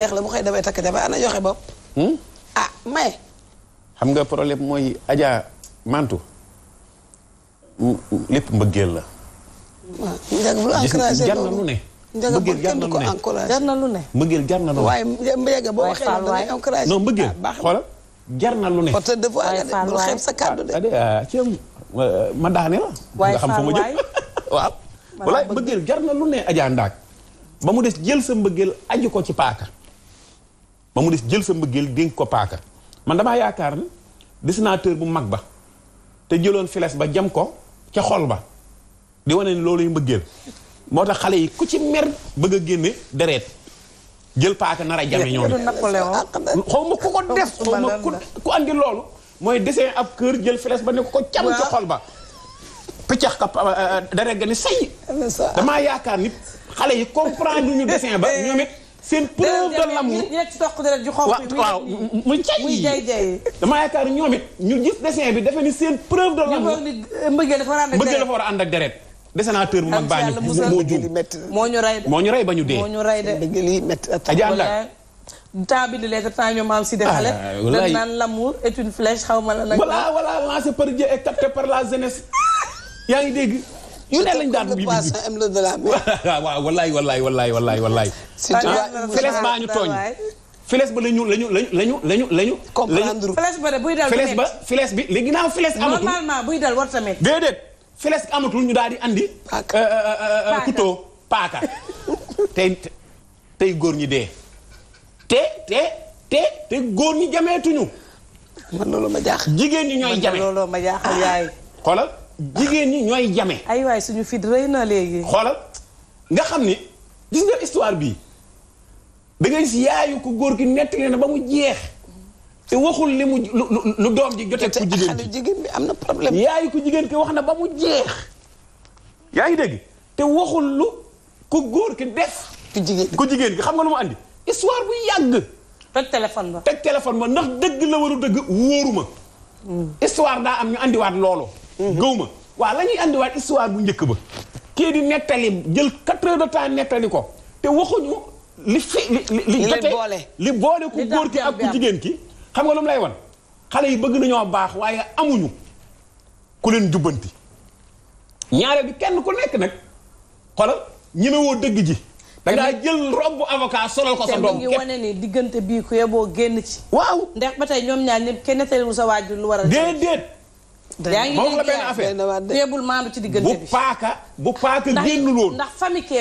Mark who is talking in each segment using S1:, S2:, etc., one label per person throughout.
S1: neex la bu xëy damay takk joxe hmm? ah,
S2: xam nga problème mooy Adja mantu la.
S1: waaw njëkk bu encouragé jar na lu na lu ne jar na lu ne.
S2: mbëggeel jar na lu ne. boo waxee loolu mbëggeel ah, xoolal jar na lu ne. bu xeeb sa kàddu de. Ah, ci ma daane la. nga xam fa ma jëm waaw. walaay mbëggeel jar na lu ne Adja Ndaak. ba mu des jël sa mbëggeel aju ko ci paaka. ba mu des jël sa mbëggeel dénk ko paaka man damaa yaakaar ne dessinateur bu mag ba te jëloon files ba jam ko ca xol ba di wane ne loolu yu moo tax xale yi ku ci bëgg a génne dereet jël paaka nar a jame ñoom ah,
S1: ah, ah.
S2: xaw ma xaw ma ku andi loolu mooy dessin ab kër jël files ba nekk ko ko cam ci xol ba piccax ka eh, eh, dereet ga ni say damaa yaakaar nit xale yi comprendre ñu desin ba eh. ñoom seen preuve de l'amour ñu nekk ci toq deret ju xonq bi waaw muy jay muy jay jay dama yaakaar it ñu gis dessin bi dafa ni seen preuve de l'amour mbëggeel dafa war a ànd ak deret mbëggeel dafa war a ànd ak deret dessinateur bu mag baa moo juum moo ñu rey ñu rey ba ñu dee moo
S1: ñu rey de mbëggeel yi métti aja la temps bi di lekk temps ñoom
S2: am si de xale ah, dañ naan
S1: l'amour est une flèche xaw ma la nag voilà
S2: voilà lancé par Dieu et capté par la jeunesse yaa ngi dégg ñu ne lañ daan bibi waaw wallaay wallaay wallaay wallaay wallaay ah, filees baa ñu tooñ filees ba lañu lañu lañu lañu lañu comprendre filees ba filees bi léegi naaw filees amatul normalement buy dal war tamit déedéet filees amatul ñu daal di andi euh, euh, euh, couteau paaka tey tey góor ñi dee te te te te góor ñi jameetuñu man jigéen ñi ñooy jame jigéen ñi ñooy jame. ay waay suñu fit rëy na léegi. xoolal nga xam ni gis nga histoire bii da ngay si yaayu ku góor ki nettali na ba mu jeex te waxul li mu lu doom ji jotee. ku jigéen bi jigéen bi am na problème. yaayu ku jigéen ki wax na ba mu jeex yaa ngi dégg te waxul lu ku góor ki def. ku jigéen ki xam nga lu mu andi histoire bu yàgg. teg téléphone ba teg téléphone ba ndax dëgg la waru dëgg ma hmm. histoire daa am ñu andiwaat loolu. Mhm. gëw ma waaw la ñuy andiwaat histoire bu njëkk ba kii yi nettali jël quatre de temps nettali ko te waxuñu li fi li li jote li boole ku góor ak ku jigéen ki xam nga lu mu lay wan xale yi bëgg nañoo baax waaye amuñu ku leen jubbanti ñaare bi kenn ku nekk nag xoolal woo dëgg ji dangaa jël robb avocat solal ko sa doom te mu ngi wane
S1: ni diggante bii ku yeboo génn ci waaw ndex ba tey ñoom ñaar ñëpp kenn nettaliwul sa waajur lu war a déedéet moom la benn affaire teebul maandu ci diggante bi bu paaka bu paaka génnul woon ndax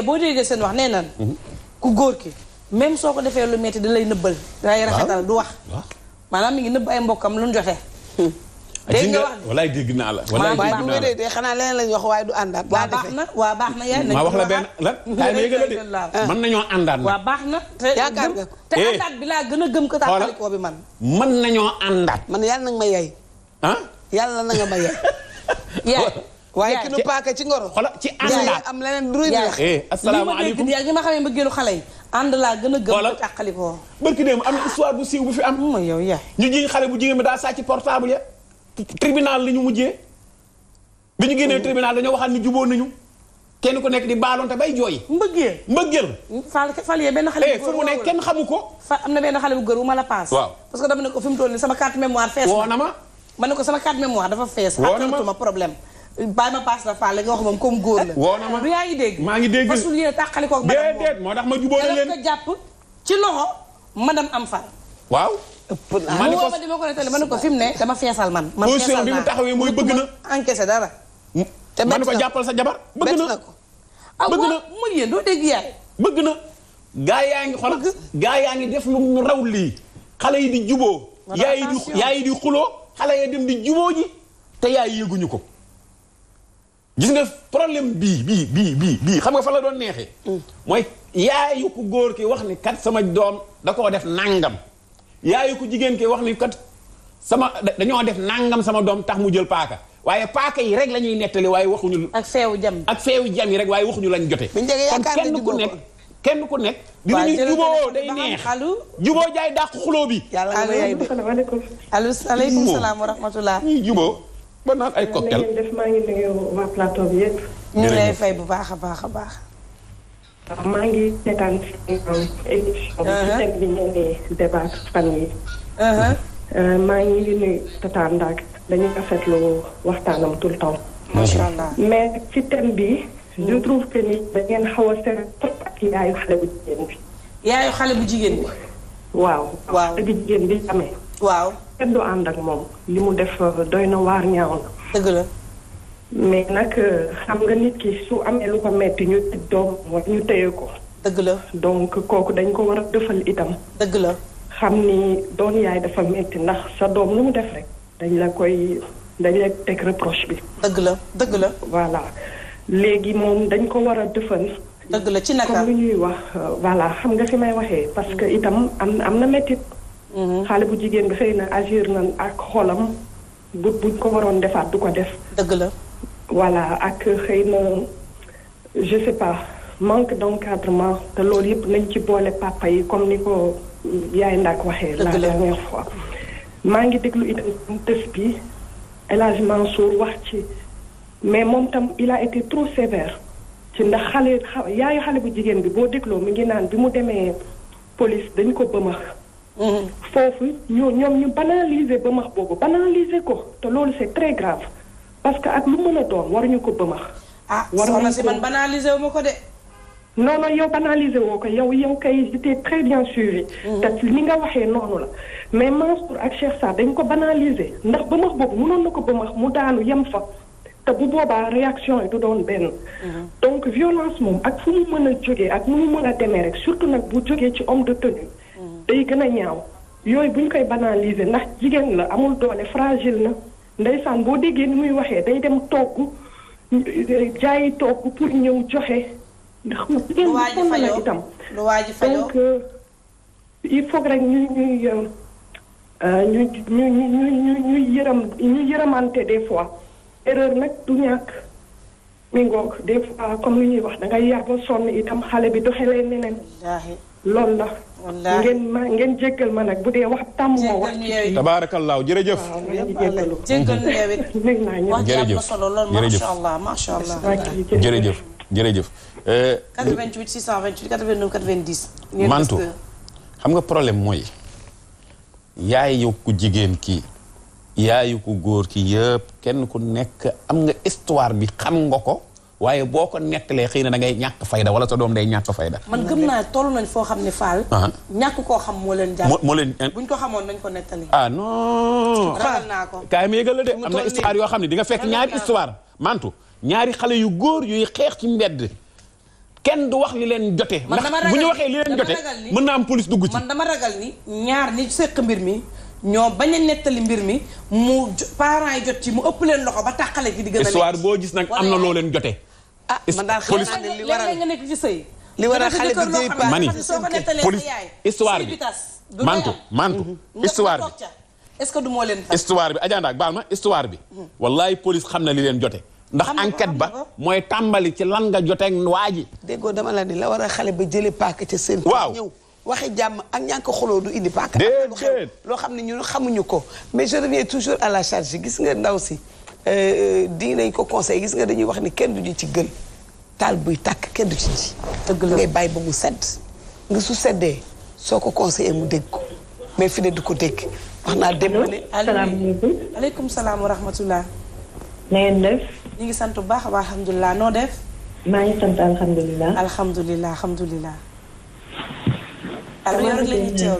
S1: boo déggee seen wax nee nan mhm. ku góor ki même soo ko defee lu metti da lay nëbbal dalay du wax maanaam mi ngi nëbb mbokkam lu ñu joxe dégg nga wax
S2: walaay dégg naa la walaay dégg
S1: de xanaa leneen lañ wax waaye du àndaat waa baax na waa baax na wax la benn lan kaay ma nañoo àndaat waa baax na te yaakaar eh. nga te eh. àndaat bi laa gën a gëm ko taaxalikoo bi man
S2: mën nañoo àndaat man yàlla nag ma yay ah
S1: yàlla na nga ma yee. yaay waaye ki nu paaka ci ngoro. xoolal ci ànd la am leneen du rëy di wax. asalaamaaleykum li ma dégg ma xamee mbëggeelu xale yi. ànd laa gën a gëm ko tàqali ko.
S2: barki dem am na histoire bu siiw bu fi am. mooy mm, yow yaay ñu jiñ xale bu jigéen bi daa sàcc portable ya. tribunal la ñu mujjee. bi ñu génnee mm. tribunal dañoo waxaat ni jubóo nañu. kenn ku nekk di baaloonte bay jooy. mbëggeel mbëggeel. Fall Fall yee benn xale bu eh, góor fu mu ne kenn xamu ko.
S1: fa am na benn xale bu góor bu ma la paas. waaw parce que dama ne ko fi mu toll nii sama carte mémoire fees na. woo na ma ma ne ko sama carte mémoire dafa fees. attantuma problème. bàyyi ma paas la faa la nga wax moom comme góor la. woo ma yaa ngi dégg. maa ngi dégg fasul yéen tàqali koog madame déedéet moo ma na leen ko jàpp ci loxo madame am far.
S2: waaw. ma ne ko ma dama
S1: ko nettali ne ko fi mu ne dama feesal man. man feesal bi mu
S2: taxawee mooy bëgg na encaissé dara. te ma ne ko jàppal sa jabar bëgg na ko. Ah, bëgg na mu yéen doo dégg yaay. bëgg na gaa yaa ngi xool gaa yaa ngi def lu mu raw lii xale yi di juboo yaa yi di xuloo xale ya dem di juboo ji te yaay yëguñu ko gis nga problème bii bii bii bii bii xam nga fa la doon neexee mm. mooy yaayu ku góor ki wax ni kat sama doom da koo def nangam yaayu ku jigéen ki wax ni kat sama dañoo def nangam sama doom tax mu jël paaka waaye paaka yi rek la ñuy nettali waaye waxuñu ak feewu jam ak feewu jam yi waaye waxuñu lañ jote kon kenn ko nekk kenn ku nekk. dinañu juboo day neex juboo jaay dàq xuloo bi. yàlla nga may de allo aleykum salaam
S1: wa rahmatulah. ñuy
S3: juboo ba naan ay cocktail. def maa ngi nuyu waa plateau bi yëpp. ñu bu baax a baax a baax. maa ngi seetaan émission bi uh-huh. ngeen di débat fan yi uh-huh. euh, maa ngi di nuyu Tata Ndack dañuy rafetlu waxtaanam tout temps. macha ci thème bi. je trouve que ni da ngeen xaw a seen ak yaayu xale bu jigéen bi. yaayu xale bu jigéen bi. waaw. waaw xale jigéen bi amee. waaw kenn du ànd ak moom. li mu def euh, doy na waar ñaaw na. dëgg la. mais nag euh, xam nga nit ki su amee lu ko metti ñu tëj ñu téye ko. dëgg la donc kooku dañ ko war a defal itam. dëgg la. xam ni doon yaay dafa metti ndax sa doom lu mu def rek. dañ la koy dañ la teg reproche bi. dëgg la dëgg la. voilà. léegi moom dañ ko war a dëfan dëgg la ci naka comme lu ñuy wax euh, voilà xam nga fi may waxee parce que mm-hmm. itam am am na méttit mm-hmm. xaale bu jigéen bi xëy na agir na ak xolam bu buñ ko waroon defaat du ko def dëgg la voilà ak xëy na je sais pas manque d'encadrement te loolu yëpp nañ ci boole papa yi comme ni ko yaay ndaak waxee la maa ngi déglu itam tës bi El Hadj wax ci mais moom tam il a été trop sévère ci ndax xale yaayu xale bu jigéen bi boo dégloo mi ngi naan bi mu demee police dañ ko bëmax mm-hmm. foofu ñoo ñoom ñu banaliser bëmax boobu banaliser ko te loolu c'est très grave parce que ak lu mën a doon ñu ko bëmax ah soxna si man banaliser wu ma ko de non non yow banaliser woo ko yow yow kay j'étais très bien suivi mm-hmm. te li nga waxee noonu la mais Mansour ak Cheikh Sarr dañ ko banaliser ndax bëmax boobu mënoon na ko bëmax mu daanu yem fa te bu boobaa réaction yi du doon benn. Mhm. donc violence moom ak fu mu mën a jógee ak nu mu mën a demee rek surtout nag bu jógee ci homme de tenue. Mhm. day gën a ñaaw yooyu bu ñu koy banaliser ndax jigéen la amul doole fragile na ndeysaan boo déggee ni muy waxee day dem togg jaayi togg pour ñëw joxe. ndax jigéen bi sonn na itam donc euh, il faut rek ñu ñuy euh, euh, ñu ñu ñu ñu ñu yërëm ñu yërëmante des fois. erreur nag du ñàkk mi ngoog des fois comme li ñuy wax da ngay yar ba sonn itam xale bi doxalee neneen. lool la. wallaahi ngeen ma ngeen jéggal ma nag bu dee wax tàmm moo wax.
S2: tabaarakallaahu jërëjëf.
S3: jéggal ñu wax ji am na solo lool macha allah macha allah.
S2: jërëjëf jërëjëf. 88
S1: 628 89 90. Mantu
S2: xam nga problème mooy. yaay yow jigéen kii. yaayu ko góor ki yëpp kenn ku nekk am nga histoire bi xam nga ko waaye boo ko nekk lee xëy na da ngay ñàkk fayda wala sa doom day ñàkk fayda man
S1: gëm naa nañ foo xam ne Fall ñàkk koo xam leen jàpp moo leen eh. ko xamoon nañ ko nettali
S2: ah non ma yëgal la am na yoo xam ne di nga fekk ñaari histoire mantu ñaari xale yu góor yuy xeex ci mbedd kenn du wax li leen jote ndax bu ñu waxee li leen mën na am police dugg ci man dama
S1: ragal ni ñaar ni seq mbir mi ñoo bañ a nettali mbir mi mu parents
S2: yi jot ci mu ëpp leen loxo ba tàqale gi di gën a boo gis nag am na loo leen jotee ah man daal xam naa ne li waral
S1: nga nekk ci sëy li waral xale bi jëy pa mani police histoire bi
S2: mantu mantu mm-hmm. histoire bi
S1: est-ce que du moo leen
S2: histoire bi ajandaak baal ma histoire bi mm-hmm. wallahi police xam na li leen jote ndax enquête ba mooy tàmbali ci lan nga joteeg waa ji déggoo dama la ni la war a xale ba jëli paak ca seen waaw ñëw waxi jàmm ak ñànk
S1: xoloo du indi paaka. déedéet loo xam ne ñun xamuñu ko. mais je reviens toujours à la charge gis nga ndaw si euh, euh, di nañ ko conseil gis nga dañuy wax ni kenn duñu ci gën taal buy takk keddu du ci ji. dëgg la ngay bàyyi ba mu sedd. nga su seddee soo ko conseillé mu dégg ko mais fi ne du ko dégg. wax naa démb ne aleykum salaam wa rahmatulah. na ngeen def. ngi sant bu baax a baax alhamdulilah noo def. maa ngi sant alhamdulilah. alhamdulilah alhamdulilah.
S3: Karena